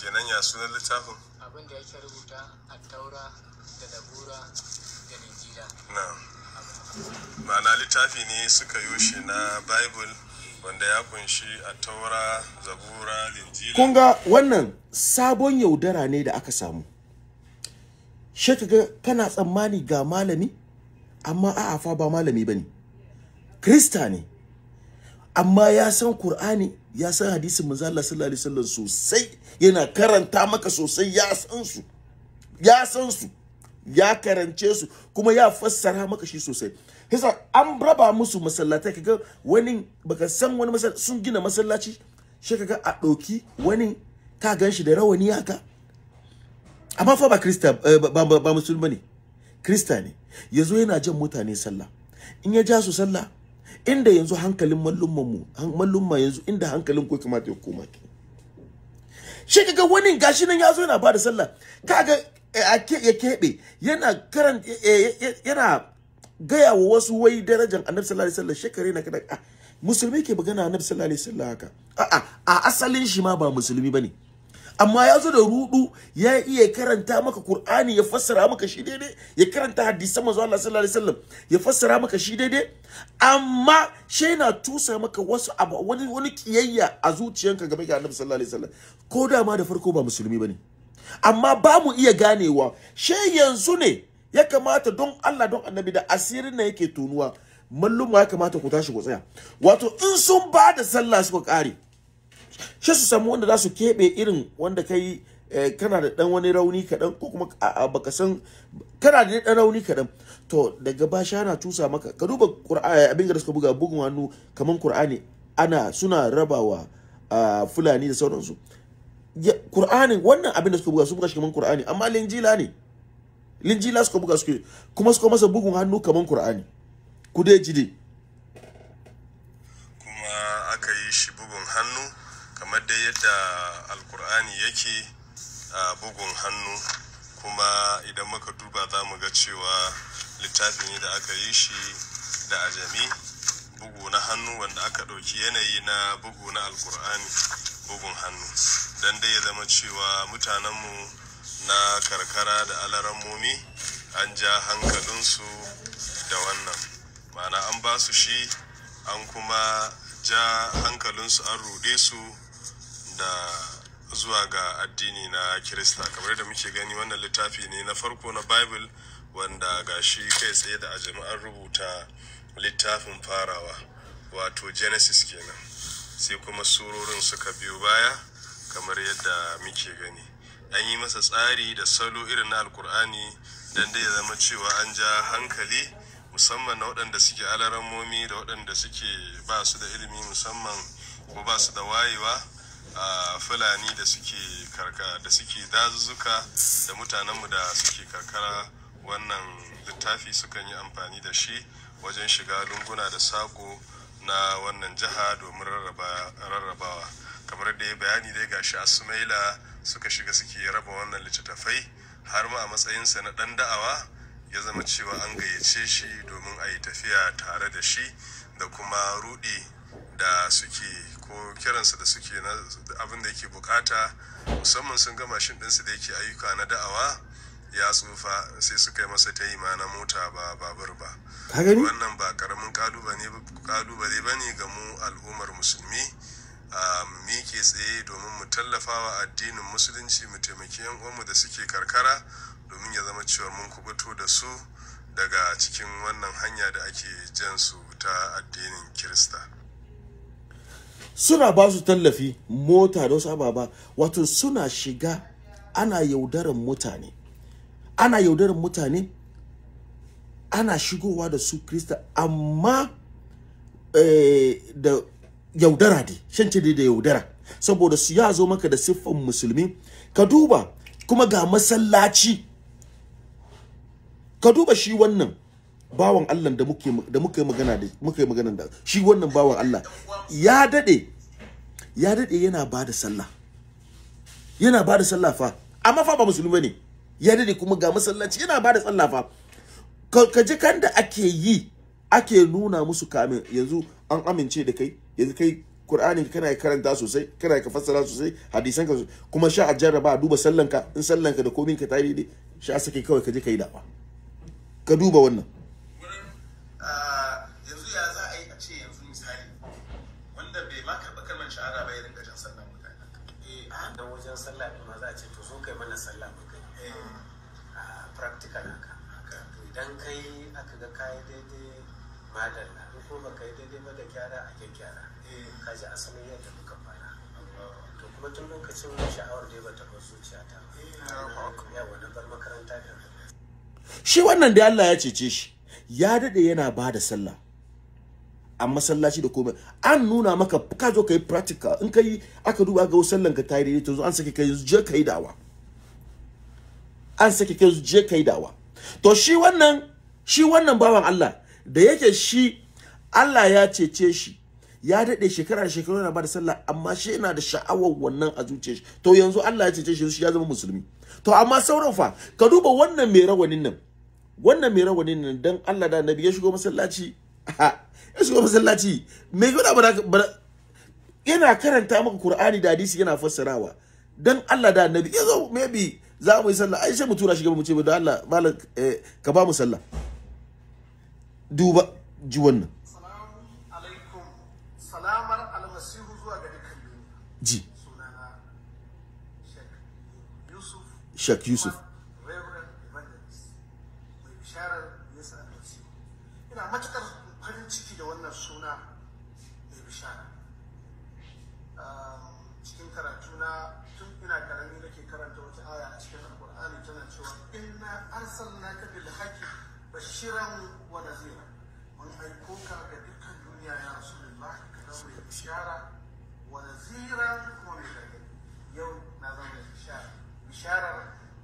kenan ya sunan littafin abin da yake rubuta a taura da dabura da injila na ma'ana littafi ne suka shi na bible wanda ya kunshi a taura zabura linjila kun ga wannan sabon yaudara ne da aka samu shi kaga kana tsammani ga malami amma a'a fa ba malami bane krista ne amma ya san qur'ani ya san hadisin manzo Allah sallallahu alaihi wasallam sosai yana karanta maka sosai ya san su ya san su ya karance su kuma ya fassara maka shi sosai hisa an raba musu masallatai kaga wani baka san wani masallaci sun gina masallaci shi kaga a ɗauki wani ka gan shi da rawani haka amma fa ba krista eh, ba musulmi ne krista ne yazo yana jan mutane sallah in ya ja su sallah inda yanzu hankalin mallummanmu mallumma yanzu inda hankalin ko kamata ya koma ki shi kaga wani gashi nan yazo yana bada sallah kaga eh, ya kebe yana karan eh, eh, yana gaya wa wasu wai darajar annabi sallallahu alaihi wasallam shekare na kada ah, musulmi ke magana annabi sallallahu alaihi wasallam haka a'a a asalin shi ma ba musulmi bane amma ya zo da rudu ya iya karanta maka Qur'ani ya fassara maka shi daidai ya karanta hadisan manzo Allah sallallahu alaihi wasallam ya fassara maka shi daidai amma shi na tusa maka wasu abu wani wani kiyayya a zuciyanka game da Annabi sallallahu alaihi wasallam ko da ma da farko ba musulmi bane amma ba mu iya ganewa she yanzu ne ya kamata don Allah don Annabi da asirin na yake tunuwa mallum'a ya kamata ku tashi ku tsaya wato in sun ba da sallah suka kare shi su samu wanda za su keɓe irin wanda ka yi eh, kana da ɗan wani rauni kaɗan ko kuma baka san kana da ɗan rauni kaɗan to daga basha ana cusa maka ka duba eh, abin da suka buga bugun hannu kamar qur'ani ana suna rabawa ah, fulani da sauransu qur'anin wannan abin da suka buga su buga shi kamar qur'ani amma linjila ne linjila suka buga suke kuma suka masa bugun hannu kamar qur'ani ku dai jide yadda alkur'ani yake a bugun hannu kuma idan muka duba za mu ga cewa littafin ne da aka yi shi da ajami bugu na hannu wanda aka ɗauki yanayi na bugu na alkur'ani bugun hannu don dai ya zama cewa mutanenmu na karkara da alarammomi an ja hankalinsu da wannan ma'ana an ba su shi an kuma ja hankalinsu an ruɗe su da zuwa ga addini na kirista kamar da muke gani wannan littafi ne na farko na bible wanda ga shi kai tsaye da a jama'ar rubuta littafin farawa wato genesis kenan sai kuma surorin suka biyo baya kamar yadda muke gani an yi masa tsari da salo irin na alkur'ani don dai ya zama cewa an ja hankali musamman na waɗanda suke alaramomi da waɗanda suke ba su da ilimi musamman ko ba su da wayewa A fulani da suke karka da suke dazuzzuka da mutanenmu da suke karkara wannan littafi sukan yi amfani da shi wajen shiga lunguna da sako na wannan jiha domin rarrabawa kamar da ya bayani dai gashi a sumaila suka shiga suke raba wannan littattafai har ma a matsayinsa na ɗan da'awa ya zama cewa an gayyace shi domin a yi tafiya tare da shi da kuma rudi da suke ko kiransa da suke na abin da yake bukata musamman sun ga mashin ɗinsu da yake ayyuka na da'awa ya tsufa sai suka yi masa ta yi na mota ba babur ba wannan ba karamin kalubale ba ne ga mu al'ummar musulmi a mike tsaye domin mu tallafa wa addinin musulunci mu taimaki yan uwanmu da suke karkara domin ya zama cewa mun kubuto da su daga cikin wannan hanya da ake jan su ta addinin kirista suna ba su tallafi mota da wasu ababa wato suna shiga ana yaudaran mutane ana yaudaran mutane ana shigowa da su krista amma eh, da yaudara ne shanci da yaudara saboda su ya zo maka da siffan musulmi ka duba kuma ga masallaci ka duba shi wannan bawan Allah da muke da muke magana da muke magana da shi wannan bawan Allah ya dade ya dade yana bada sallah yana bada sallah fa amma fa ba musulmi bane ya dade kuma ga masallaci yana bada sallah fa ka ji kan da ake yi ake nuna musu kamin yanzu an amince da kai yanzu kai Qur'ani kana karanta sosai kana ka fassara sosai hadisan ka kuma sha a jarraba duba sallanka in sallanka da komin ka tare dai sha sake kawai ka je kai ka duba wannan karɓi kalmar shahara ba rinka jan sallah mutane eh a da wajen sallah ne ma za a ce to zo kai mana sallah mu kai eh. a practical haka to idan kai aka ga kai daidai madalla na, ko ba kai daidai ba da gyara a gyara eh. ka ji asalin yadda muka fara to kuma tun lokacin sha'awar da ba ta bar zuciya ta eh, yawa na bar makaranta da shi wannan da Allah ya cece shi ya daɗe yana ba da sallah a masallaci da komai an nuna maka ka zo kai practical in kai aka duba ga sallan ka tayi da to an sake kai je kai dawa an sake kai je kai dawa to shi wannan shi wannan bawan Allah da yake shi Allah ya cece shi ya dade shekara da shekaru yana da sallah amma shi yana da sha'awar wannan a zuciyar shi to yanzu Allah ya cece shi shi ya zama musulmi to amma sauran fa ka duba wannan mai rawanin nan wannan mai rawanin nan dan Allah da Annabi ya shigo masallaci ya shiga masallaci mai gwada ba yana karanta maka Qur'ani da hadisi yana fassarawa dan Allah da annabi yazo maybe za mu yi sallah ai sai mu tura shi gaba mu ce da Allah malam eh, ka ba mu sallah duba ji wannan salamar almasihu zuwa ga dukkan ji Shek Yusuf inna arsalnaka bil haqqi bashiran wa nadhira mun aiko ka ga dukkan duniya ya rasulullah ka zama mai bishara wa nadhira kuma mai gargadi yau na zama mai bishara bisharar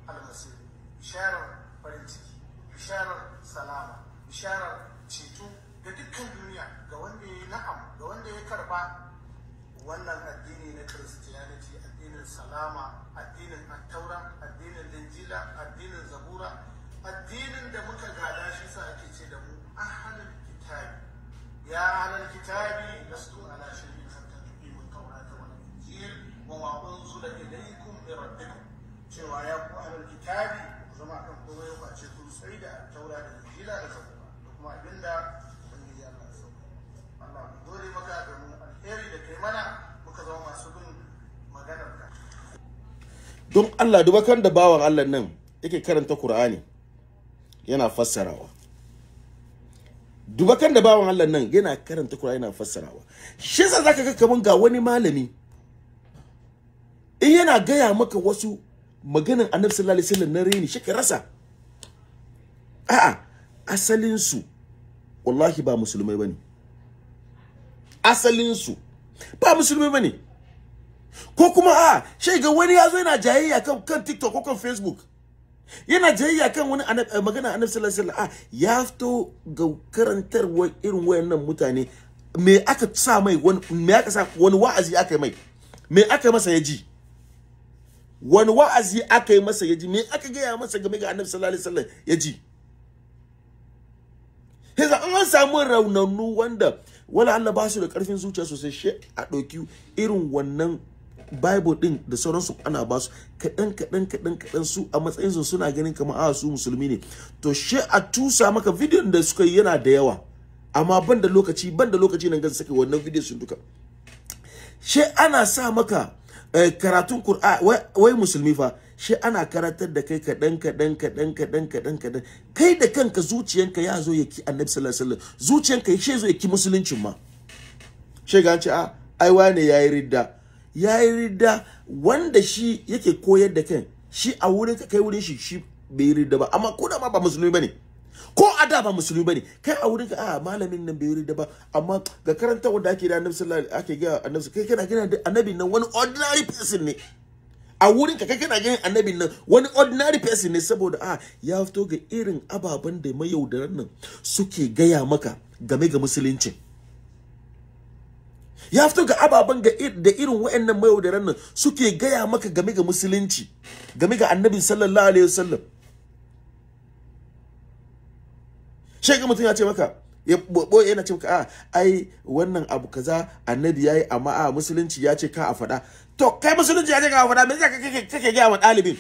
almasir bisharar farin ciki bisharar salama bisharar ceto ga dukkan duniya ga wanda ya yi na'am ga wanda ya karba wannan addini na christianity addinin salama addinin attaura addinin linjila addinin zabura addinin da muka gada shi sa ake ce da mu ahalin kitabi ya ahalul kitabi don Allah dubakan da bawan Allah nan yake karanta Qur'ani yana fassarawa dubakan da bawan Allah nan yana karanta Qur'ani yana fassarawa shi yasa zaka ga kaman ga wani malami in yana gaya maka wasu maganan Annabi sallallahu alaihi wasallam na reni shi ka rasa a'a asalin su wallahi ba musulmai bane asalin su ba musulmai bane ko kuma a ah, shai ga wani ya yana jayayya kan kan tiktok ko kan facebook yana jayayya kan wani eh, magana annabi sallallahu alaihi wasallam ah, ya fito ga karantarwa irin wayannan mutane me aka sa mai wani me aka sa wani wa'azi aka yi mai me aka masa ya ji wani wa'azi aka yi masa ya ji me aka gaya masa game ga annabi sallallahu alaihi wasallam ya ji yanzu an samu raunannu wanda wala Allah ba su da karfin zuciya sosai shi a ɗauki irin wannan bible din da sauransu ana ba su kaɗan kaɗan kaɗan kaɗan su a matsayinsu suna ganin kamar a ah, su musulmi ne to she a tusa maka bidiyon da suka yi yana da yawa amma ban da lokaci ban da lokaci nan gansu suke wannan bidiyon sun duka she ana sa maka eh, karatun kur'a wai musulmi fa she ana karatar da kai kaɗan kaɗan kaɗan kaɗan kaɗan kaɗan kai da kanka zuciyanka ya zo ya ki annabi sallallahu alaihi wasallam zuciyanka ya zo ya ki musuluncin ma shi ga ce a ah, ai wane yayi ridda ya yi rida wanda shi yake koyar da kai shi a wurin ka kai wurin shi shi bai rida ba amma ko da ma ba musulmi bane ko a da ba musulmi bane kai a wurin ka a ah, malamin nan bai rida ba amma ga karanta wanda ake da annabi sallallahu alaihi ake ga annabi kai kana gina da annabi nan wani ordinary person ne a wurin ka kai kana ganin annabi nan wani ordinary person ne saboda a ah, ya fito ga irin ababen da mayaudaran nan suke gaya maka game ga musulunci ya fito ga ababen ga da irin wayannan mayaudaran nan suke gaya maka game ga musulunci game ga annabi sallallahu alaihi wasallam ga mutum ya ce maka ya boye yana ce maka a ah, ai wannan abu kaza annabi yayi amma a ah, musulunci ya ce ka a faɗa to kai musulunci ya ce ka a faɗa me zaka kake kake gaya wa ɗalibin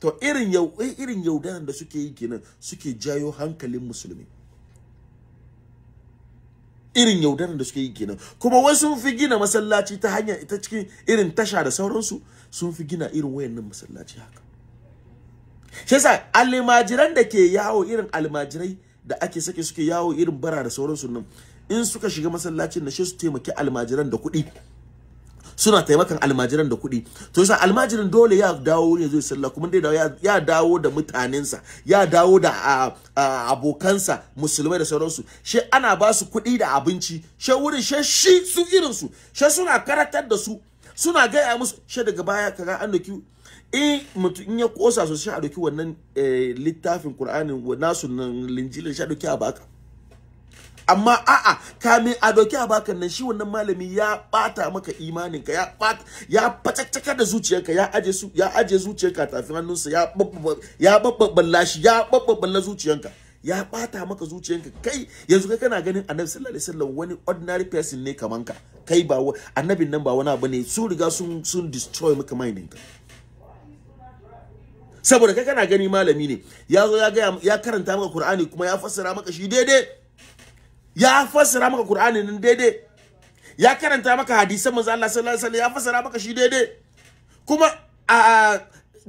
to irin yau eh, irin yaudaran da suke yi kenan suke jayo hankalin musulmi irin yaudaran da suke yi kenan kuma wai sun fi gina masallaci ta hanyar ita cikin irin tasha da sauransu sun fi gina irin wayannan masallaci haka shi yasa almajiran da ke yawo irin almajirai da ake sake suke yawo irin bara da sauransu nan in suka shiga masallacin na shi su taimaki almajiran da kuɗi suna taimakan almajiran da kuɗi to yasa almajirin dole ya dawo ne zai sallah kuma dai ya dawo da mutanensa ya dawo da abokansa musulmai da sauransu she ana ba su kuɗi da abinci she wurin she shi su irin su she suna karatar da su suna gaya musu she daga baya kaga an doki in mutum in ya kosa sosai a doki wannan eh, littafin Qur'anin nasu nan linjilin sha doki a baka amma a'a kamin a doki a bakan nan shi wannan malami ya bata maka imaninka ya bata ya facaccaka da zuciyarka ya aje su ya aje zuciyarka tafin hannunsa ya babba ya babba ballashi ya balla zuciyarka ya bata maka zuciyanka kai yanzu kai kana ganin annabi sallallahu alaihi wasallam wani ordinary person ne kaman ka kai ba annabin nan ba wani abu ne sun riga sun sun destroy maka ka saboda kai kana gani malami ne ya zo ya ya karanta maka Qur'ani kuma ya fassara maka shi daidai ya fassara maka Qur'ani nan daidai ya karanta maka hadisan manzo Allah sallallahu alaihi wasallam ya fassara maka shi daidai kuma a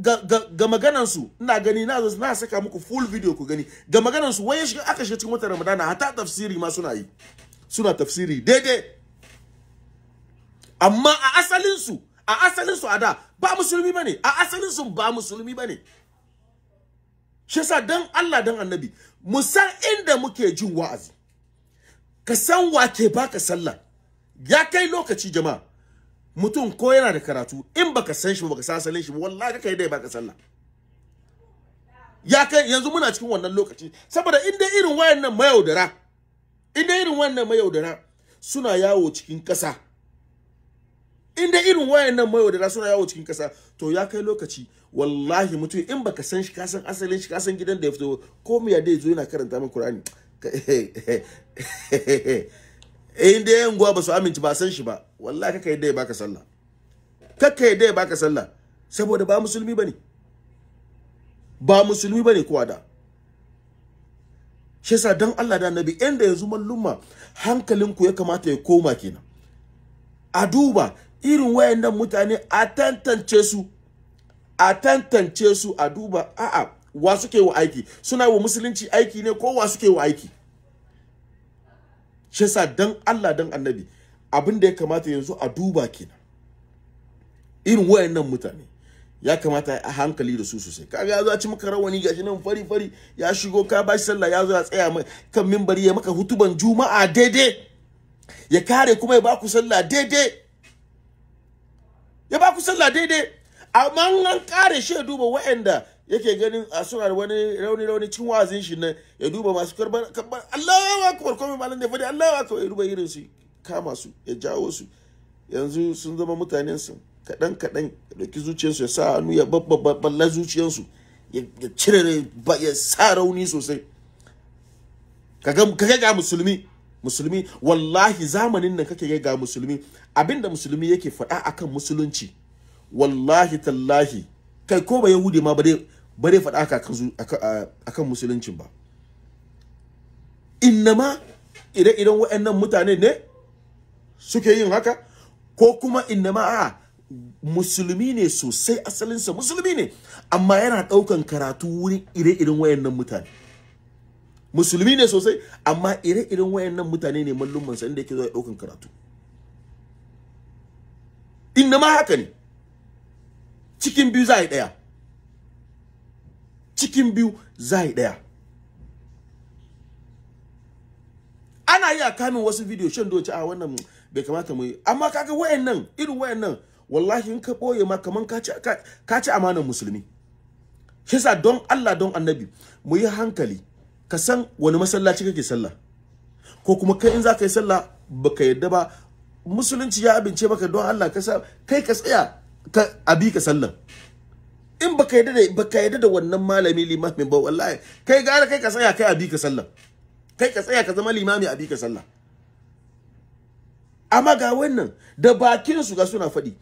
ga, ga, ga maganan su ina gani na na saka muku full video ku gani ga maganan su waye shiga aka shiga cikin watan Ramadan hatta tafsiri ma suna yi suna tafsiri daidai amma a asalin su a asalin su ada ba musulmi bane a asalin su ba musulmi bane shi sa dan Allah dan Annabi mu san inda muke jin wa'azi ka san wa ke baka sallah ya kai lokaci jama'a mutum ko yana da karatu in baka san shi ba baka san shi ba wallahi kai dai baka sallah ya kai yanzu muna cikin wannan lokaci saboda in dai irin wayannan mayaudara in dai irin wayannan mayaudara suna yawo cikin kasa in dai irin wayannan mayaudara suna yawo cikin kasa to ya kai lokaci wallahi mutum in baka san shi ka san asalin shi ka san gidan da ya fito ko miya dai zo yana karanta min Qur'ani in dai yan guwa ba su aminci ba san shi ba wallahi kaka yadda ya baka sallah kaka yadda ya baka sallah saboda ba musulmi bane ba musulmi bane kowa da shi yasa dan Allah da Annabi inda yanzu mallumma hankalinku ya kamata ya koma kenan a duba irin wayannan mutane a tantance su a tantance su a duba a'a wa suke wa aiki suna wa musulunci aiki ne ko wa suke wa aiki shi yasa dan Allah dan annabi abin da ya kamata yanzu a duba kenan irin wayannan mutane ya kamata a hankali da su sosai kaga ya zo a ci maka rawani gashi nan fari fari ya shigo ka ba shi sallah ya zo ya tsaya mai kan minbari ya maka hutuban juma'a daidai ya kare kuma ya ba ku sallah daidai ya ba ku sallah daidai amma an kare shi ya duba wayanda yake ganin a suna da wani rauni rauni cin wazin shi ne ya duba masu karbar karbar Allahu akbar komai malam da fadi Allahu akbar ya duba irin su kama su ya jawo su yanzu sun zama mutanen su kadan kadan ya dauki zuciyar su ya sa hannu ya babballa zuciyar su ya cire ya sa rauni sosai kaga kaga ga musulmi musulmi wallahi zamanin nan kake ga musulmi abinda musulmi yake faɗa akan musulunci wallahi tallahi kai ko ba yahudi ma ba dai ba zai faɗa haka akan musuluncin ba innama ire-iren waɗannan mutane ne suke yin haka ko kuma innama a musulmi ne sosai asalinsa musulmi ne amma yana ɗaukan karatu wurin ire-iren wayannan mutane musulmi ne sosai amma ire-iren wayannan mutane ne mallumansa inda yake zuwa ɗaukan karatu inna ma haka ne cikin biyu za a yi ɗaya cikin biyu za a yi ɗaya ana yi a kamin wasu video shan doci a wannan bai kamata mu yi amma kaga nan, irin wayan nan, wallahi in ka boye ma kaman ka ci amanar musulmi yasa don Allah don annabi mu yi hankali ka san wani masallaci kake sallah ko kuma kai in za ka yi sallah baka yadda ba musulunci ya abince maka don Allah ka sa kai ka tsaya ka abi ka sallan in baka yadda da baka yadda da wannan malami limamin ba wallahi kai gara kai ka tsaya kai a bi ka sallah kai ka tsaya ka zama limami a bi ka sallah amma ga wannan da bakin su ga suna faɗi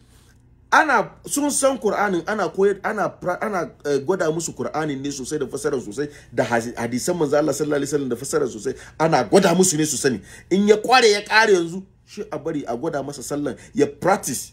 ana sun san Qur'anin ana koyar ana ana eh, gwada musu Qur'anin ne sosai da fasara sosai da hadisan manzo Allah sallallahu alaihi wasallam da fasara sosai ana gwada musu ne su sani in ya kware ya kare yanzu shi a bari a gwada masa sallan ya practice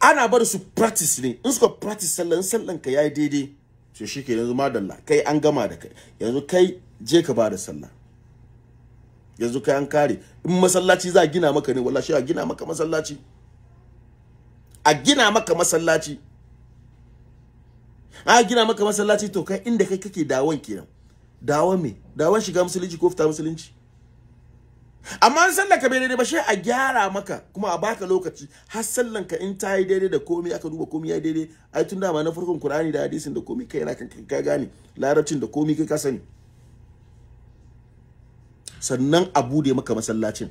ana bar su practice ne in suka practice sallan sallan ka yayi daidai to shike yanzu madalla kai an gama da kai yanzu kai je ka bada sallah yanzu kai an kare in masallaci za a gina maka ne wallahi a gina maka masallaci a gina maka masallaci a gina maka masallaci to kai inda kai kake dawon kenan dawon me dawon shiga musulunci ko fita musulunci amma sallar ka bai daidai ba shi a gyara maka kuma a baka lokaci har sallan ka in ta yi daidai da komai aka duba komai ya daidai ai tun da na farkon kur'ani da hadisin da komai kai na kan ka gane larabcin da komai kai ka sani sannan a bude maka masallacin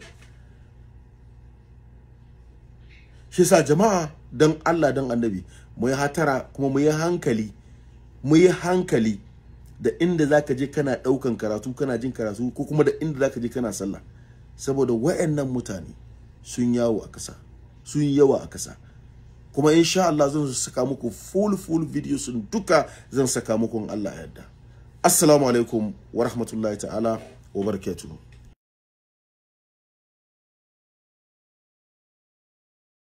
shi sa jama'a don Allah dan Annabi mu yi hatara kuma mu yi hankali mu yi hankali da inda zaka je kana daukan karatu kana jin karatu ko kuma da inda zaka je kana sallah saboda wayannan mutane sun yawo a kasa sun yawa a ƙasa, kuma insha Allah zan saka muku full full video sun duka zan saka muku in Allah ya yarda assalamu alaikum wa rahmatullahi ta'ala wa barakatuh